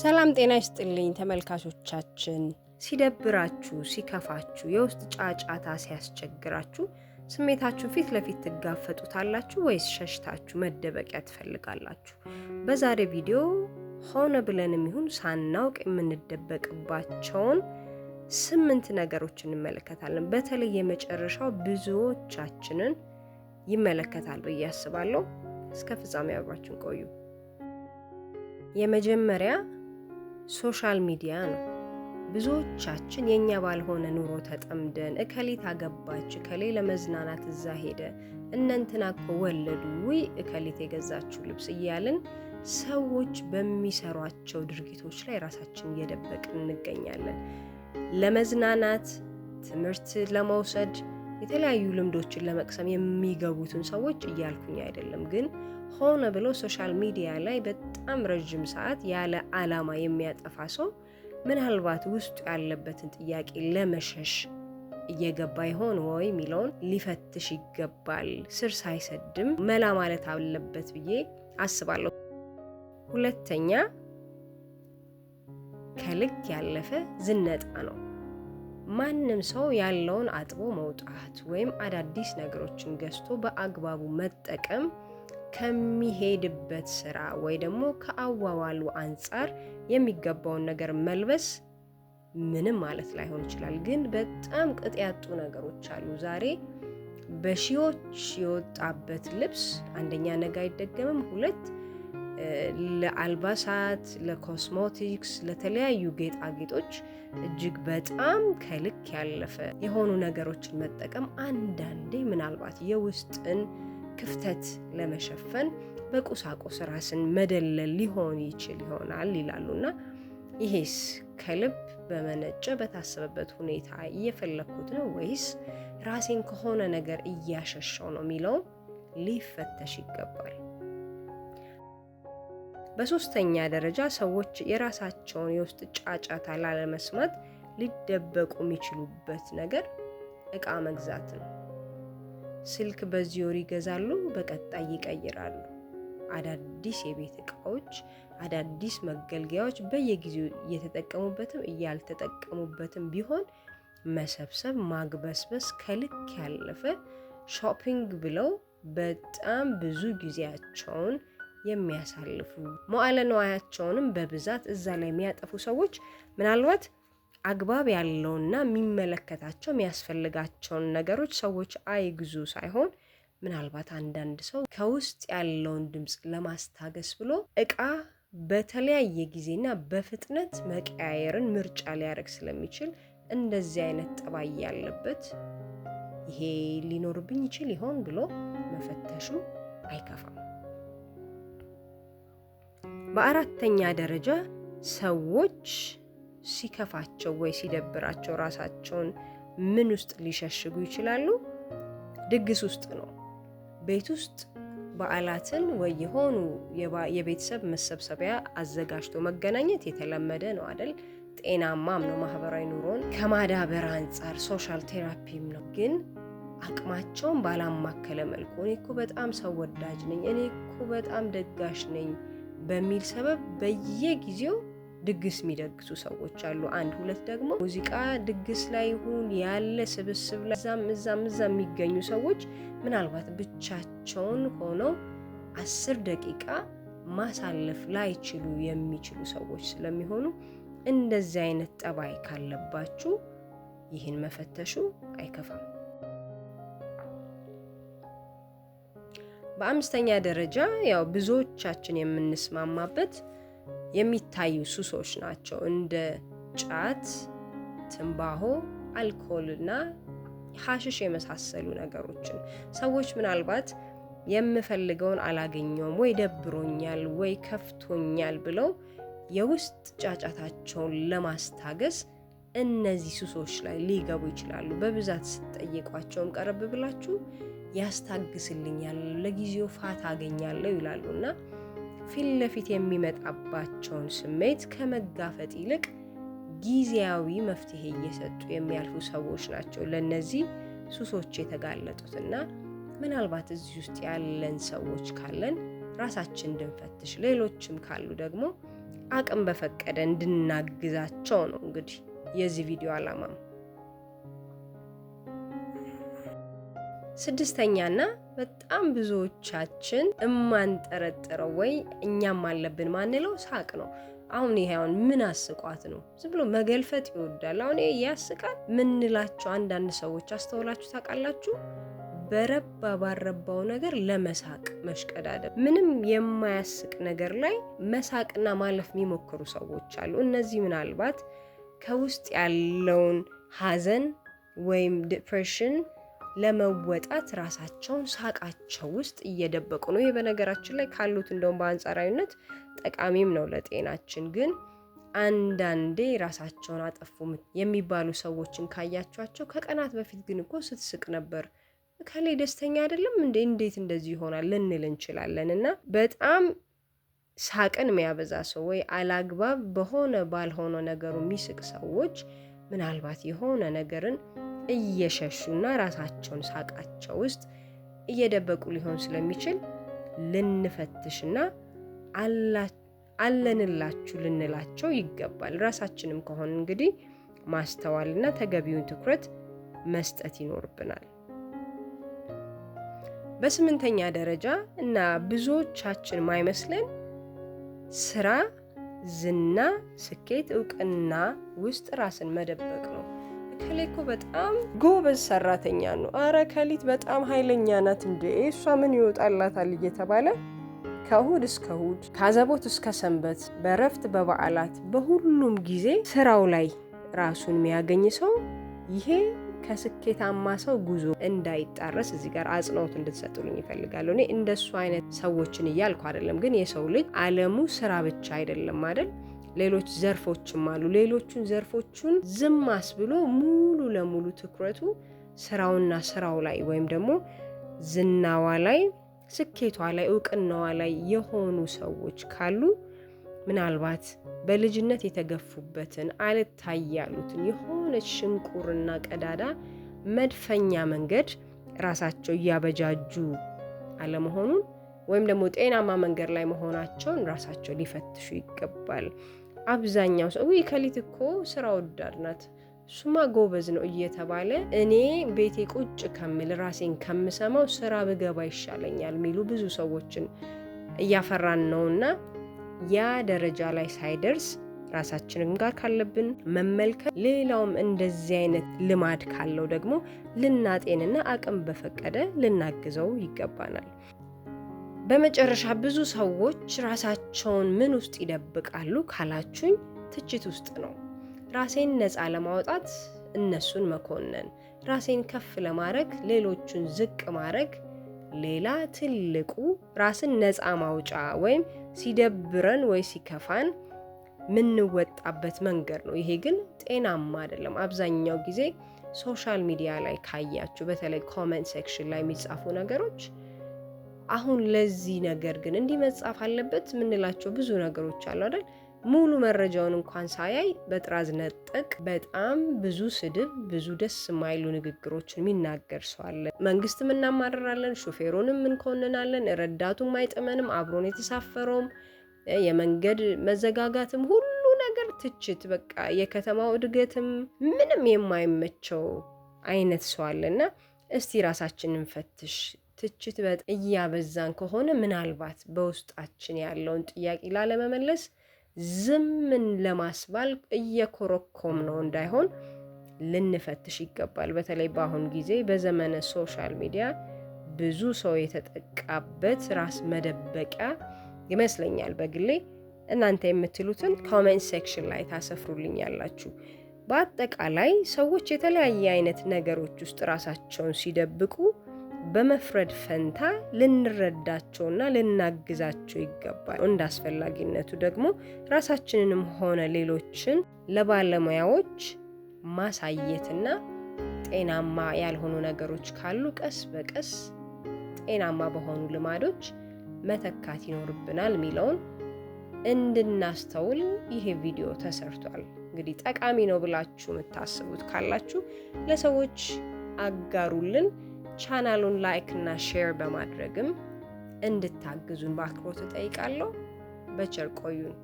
ሰላም ጤና ይስጥልኝ ተመልካቾቻችን። ሲደብራችሁ፣ ሲከፋችሁ፣ የውስጥ ጫጫታ ሲያስቸግራችሁ ስሜታችሁ ፊት ለፊት ትጋፈጡታላችሁ ወይስ ሸሽታችሁ መደበቂያ ትፈልጋላችሁ? በዛሬ ቪዲዮ ሆነ ብለንም ይሁን ሳናውቅ የምንደበቅባቸውን ስምንት ነገሮች እንመለከታለን። በተለይ የመጨረሻው ብዙዎቻችንን ይመለከታል ብዬ አስባለሁ። እስከ ፍጻሜ አብራችን ቆዩ። የመጀመሪያ ሶሻል ሚዲያ ነው። ብዙዎቻችን የእኛ ባልሆነ ኑሮ ተጠምደን እከሌ ታገባች፣ እከሌ ለመዝናናት እዛ ሄደ፣ እነንትና እኮ ወለዱ፣ ውይ እከሌት የገዛችው ልብስ እያልን ሰዎች በሚሰሯቸው ድርጊቶች ላይ ራሳችን እየደበቅን እንገኛለን። ለመዝናናት ትምህርት ለመውሰድ የተለያዩ ልምዶችን ለመቅሰም የሚገቡትን ሰዎች እያልኩኝ አይደለም ግን ሆነ ብሎ ሶሻል ሚዲያ ላይ በጣም ረጅም ሰዓት ያለ አላማ የሚያጠፋ ሰው ምናልባት ውስጡ ያለበትን ጥያቄ ለመሸሽ እየገባ ይሆን ወይ የሚለውን ሊፈትሽ ይገባል። ስር ሳይሰድም መላ ማለት አለበት ብዬ አስባለሁ። ሁለተኛ ከልክ ያለፈ ዝነጣ ነው። ማንም ሰው ያለውን አጥቦ መውጣት ወይም አዳዲስ ነገሮችን ገዝቶ በአግባቡ መጠቀም ከሚሄድበት ስራ ወይ ደግሞ ከአዋዋሉ አንጻር የሚገባውን ነገር መልበስ ምንም ማለት ላይሆን ይችላል። ግን በጣም ቅጥ ያጡ ነገሮች አሉ። ዛሬ በሺዎች የወጣበት ልብስ አንደኛ ነገ አይደገምም። ሁለት ለአልባሳት፣ ለኮስሞቲክስ፣ ለተለያዩ ጌጣጌጦች እጅግ በጣም ከልክ ያለፈ የሆኑ ነገሮችን መጠቀም አንዳንዴ ምናልባት የውስጥን ክፍተት ለመሸፈን በቁሳቁስ ራስን መደለል ሊሆን ይችል ይሆናል ይላሉና ይሄስ ከልብ በመነጨ በታሰበበት ሁኔታ እየፈለግኩት ነው ወይስ ራሴን ከሆነ ነገር እያሸሸው ነው የሚለውም ሊፈተሽ ይገባል። በሶስተኛ ደረጃ ሰዎች የራሳቸውን የውስጥ ጫጫታ ላለመስማት ሊደበቁ የሚችሉበት ነገር እቃ መግዛት ነው። ስልክ በዚህ ወር ይገዛሉ፣ በቀጣይ ይቀይራሉ። አዳዲስ የቤት እቃዎች፣ አዳዲስ መገልገያዎች በየጊዜው እየተጠቀሙበትም እያልተጠቀሙበትም ቢሆን መሰብሰብ፣ ማግበስበስ ከልክ ያለፈ ሾፒንግ ብለው በጣም ብዙ ጊዜያቸውን የሚያሳልፉ መዋለ ንዋያቸውንም በብዛት እዛ ላይ የሚያጠፉ ሰዎች ምናልባት አግባብ ያለውና የሚመለከታቸው የሚያስፈልጋቸውን ነገሮች ሰዎች አይግዙ ሳይሆን ምናልባት አንዳንድ ሰው ከውስጥ ያለውን ድምፅ ለማስታገስ ብሎ እቃ በተለያየ ጊዜና በፍጥነት መቀያየርን ምርጫ ሊያደርግ ስለሚችል እንደዚህ አይነት ጠባይ ያለበት ይሄ ሊኖርብኝ ይችል ይሆን ብሎ መፈተሹ አይከፋም። በአራተኛ ደረጃ ሰዎች ሲከፋቸው ወይ ሲደብራቸው ራሳቸውን ምን ውስጥ ሊሸሽጉ ይችላሉ? ድግስ ውስጥ ነው። ቤት ውስጥ በዓላትን ወይ የሆኑ የቤተሰብ መሰብሰቢያ አዘጋጅቶ መገናኘት የተለመደ ነው አደል? ጤናማም ነው። ማህበራዊ ኑሮን ከማዳበር አንጻር ሶሻል ቴራፒም ነው። ግን አቅማቸውን ባላማከለ መልኩ እኔ እኮ በጣም ሰው ወዳጅ ነኝ፣ እኔ እኮ በጣም ደጋሽ ነኝ በሚል ሰበብ በየጊዜው ድግስ የሚደግሱ ሰዎች አሉ። አንድ ሁለት ደግሞ ሙዚቃ ድግስ ላይ ይሁን ያለ ስብስብ ላይ እዛም እዛም እዛ የሚገኙ ሰዎች ምናልባት ብቻቸውን ሆነው አስር ደቂቃ ማሳለፍ ላይችሉ የሚችሉ ሰዎች ስለሚሆኑ እንደዚህ አይነት ጠባይ ካለባችሁ ይህን መፈተሹ አይከፋም። በአምስተኛ ደረጃ ያው ብዙዎቻችን የምንስማማበት የሚታዩ ሱሶች ናቸው። እንደ ጫት፣ ትንባሆ፣ አልኮል እና ሀሽሽ የመሳሰሉ ነገሮችን ሰዎች ምናልባት የምፈልገውን አላገኘውም ወይ ደብሮኛል ወይ ከፍቶኛል ብለው የውስጥ ጫጫታቸውን ለማስታገስ እነዚህ ሱሶች ላይ ሊገቡ ይችላሉ። በብዛት ስትጠይቋቸውም ቀረብ ብላችሁ ያስታግስልኛል፣ ለጊዜው ፋታ አገኛለሁ ይላሉ እና ፊት ለፊት የሚመጣባቸውን ስሜት ከመጋፈጥ ይልቅ ጊዜያዊ መፍትሄ እየሰጡ የሚያልፉ ሰዎች ናቸው ለእነዚህ ሱሶች የተጋለጡት እና ምናልባት እዚህ ውስጥ ያለን ሰዎች ካለን ራሳችን እንድንፈትሽ ሌሎችም ካሉ ደግሞ አቅም በፈቀደ እንድናግዛቸው ነው እንግዲህ የዚህ ቪዲዮ ዓላማም። ስድስተኛና በጣም ብዙዎቻችን እማንጠረጥረው ወይ እኛም አለብን ማንለው ሳቅ ነው። አሁን ይሄ አሁን ምን አስቋት ነው? ዝም ብሎ መገልፈጥ ይወዳል። አሁን ይሄ ያስቃል ምንላቸው አንዳንድ ሰዎች አስተውላችሁ ታውቃላችሁ? በረባ ባረባው ነገር ለመሳቅ መሽቀዳደም፣ ምንም የማያስቅ ነገር ላይ መሳቅና ማለፍ የሚሞክሩ ሰዎች አሉ። እነዚህ ምናልባት ከውስጥ ያለውን ሀዘን ወይም ዲፕሬሽን ለመወጣት ራሳቸውን ሳቃቸው ውስጥ እየደበቁ ነው። ይህ በነገራችን ላይ ካሉት እንደውም በአንጻራዊነት ጠቃሚም ነው ለጤናችን። ግን አንዳንዴ ራሳቸውን አጠፉም የሚባሉ ሰዎችን ካያቸዋቸው ከቀናት በፊት ግን እኮ ስትስቅ ነበር ከላይ ደስተኛ አይደለም እንዴ እንዴት እንደዚህ ይሆናል ልንል እንችላለን። እና በጣም ሳቅን የሚያበዛ ሰው ወይ አላግባብ በሆነ ባልሆነ ነገሩ የሚስቅ ሰዎች ምናልባት የሆነ ነገርን እየሸሹና ራሳቸውን ሳቃቸው ውስጥ እየደበቁ ሊሆን ስለሚችል ልንፈትሽና አለንላችሁ ልንላቸው ይገባል። ራሳችንም ከሆን እንግዲህ ማስተዋልና ተገቢውን ትኩረት መስጠት ይኖርብናል። በስምንተኛ ደረጃ እና ብዙዎቻችን ማይመስለን ስራ፣ ዝና፣ ስኬት፣ እውቅና ውስጥ ራስን መደበቅ ነው። ከሌኮ በጣም ጎበዝ ሰራተኛ ነው፣ አረ ከሊት በጣም ኃይለኛ ናት፣ እንደ እሷ ምን ይወጣላታል እየተባለ ከእሁድ እስከ እሁድ ከአዘቦት እስከ ሰንበት በረፍት በበዓላት በሁሉም ጊዜ ስራው ላይ ራሱን የሚያገኝ ሰው ይሄ ከስኬታማ ሰው ጉዞ እንዳይጣረስ እዚህ ጋር አጽንኦት እንድትሰጡልኝ ይፈልጋለሁ። እኔ እንደሱ አይነት ሰዎችን እያልኩ አይደለም፣ ግን የሰው ልጅ አለሙ ስራ ብቻ አይደለም አይደል? ሌሎች ዘርፎችም አሉ። ሌሎቹን ዘርፎቹን ዝም አስብሎ ሙሉ ለሙሉ ትኩረቱ ስራውና ስራው ላይ ወይም ደግሞ ዝናዋ ላይ፣ ስኬቷ ላይ፣ እውቅናዋ ላይ የሆኑ ሰዎች ካሉ ምናልባት በልጅነት የተገፉበትን አልታይ ያሉትን የሆነች ሽንቁርና ቀዳዳ መድፈኛ መንገድ ራሳቸው እያበጃጁ አለመሆኑን ወይም ደግሞ ጤናማ መንገድ ላይ መሆናቸውን ራሳቸው ሊፈትሹ ይገባል። አብዛኛው ሰው ከሊት እኮ ስራ ወዳድ ናት ሱማ ጎበዝ ነው እየተባለ እኔ ቤቴ ቁጭ ከምል ራሴን ከምሰማው ስራ ብገባ ይሻለኛል የሚሉ ብዙ ሰዎችን እያፈራን ነውና ያ ደረጃ ላይ ሳይደርስ ራሳችንም ጋር ካለብን መመልከት፣ ሌላውም እንደዚህ አይነት ልማድ ካለው ደግሞ ልናጤንና አቅም በፈቀደ ልናግዘው ይገባናል። በመጨረሻ ብዙ ሰዎች ራሳቸውን ምን ውስጥ ይደብቃሉ ካላችሁኝ፣ ትችት ውስጥ ነው። ራሴን ነፃ ለማውጣት እነሱን መኮነን፣ ራሴን ከፍ ለማድረግ ሌሎቹን ዝቅ ማድረግ ሌላ ትልቁ ራስን ነፃ ማውጫ ወይም ሲደብረን ወይ ሲከፋን ምንወጣበት መንገድ ነው። ይሄ ግን ጤናማ አይደለም። አብዛኛው ጊዜ ሶሻል ሚዲያ ላይ ካያችሁ፣ በተለይ ኮመንት ሴክሽን ላይ የሚጻፉ ነገሮች አሁን ለዚህ ነገር ግን እንዲህ መጻፍ አለበት የምንላቸው ብዙ ነገሮች አሉ አይደል? ሙሉ መረጃውን እንኳን ሳያይ በጥራዝ ነጠቅ በጣም ብዙ ስድብ፣ ብዙ ደስ የማይሉ ንግግሮችን የሚናገር ሰው አለ። መንግስትም እናማረራለን፣ ሹፌሩንም እንኮንናለን፣ ረዳቱም አይጥመንም፣ አብሮን የተሳፈረውም፣ የመንገድ መዘጋጋትም፣ ሁሉ ነገር ትችት፣ በቃ የከተማው እድገትም ምንም የማይመቸው አይነት ሰው አለና እስቲ ራሳችንን ፈትሽ። ትችት እያበዛን ከሆነ ምናልባት በውስጣችን ያለውን ጥያቄ ላለመመለስ ዝምን ለማስባል እየኮረኮም ነው እንዳይሆን ልንፈትሽ ይገባል። በተለይ በአሁን ጊዜ በዘመነ ሶሻል ሚዲያ ብዙ ሰው የተጠቃበት ራስ መደበቂያ ይመስለኛል። በግሌ እናንተ የምትሉትን ኮሜንት ሴክሽን ላይ ታሰፍሩልኝ ያላችሁ። በአጠቃላይ ሰዎች የተለያየ አይነት ነገሮች ውስጥ ራሳቸውን ሲደብቁ በመፍረድ ፈንታ ልንረዳቸውና ልናግዛቸው ይገባል። እንደ አስፈላጊነቱ ደግሞ ራሳችንንም ሆነ ሌሎችን ለባለሙያዎች ማሳየትና ጤናማ ያልሆኑ ነገሮች ካሉ ቀስ በቀስ ጤናማ በሆኑ ልማዶች መተካት ይኖርብናል የሚለውን እንድናስተውል ይሄ ቪዲዮ ተሰርቷል። እንግዲህ ጠቃሚ ነው ብላችሁ የምታስቡት ካላችሁ ለሰዎች አጋሩልን። ቻናሉን ላይክ እና ሼር በማድረግም እንድታግዙን በአክብሮት እጠይቃለሁ። በቸር ቆዩን።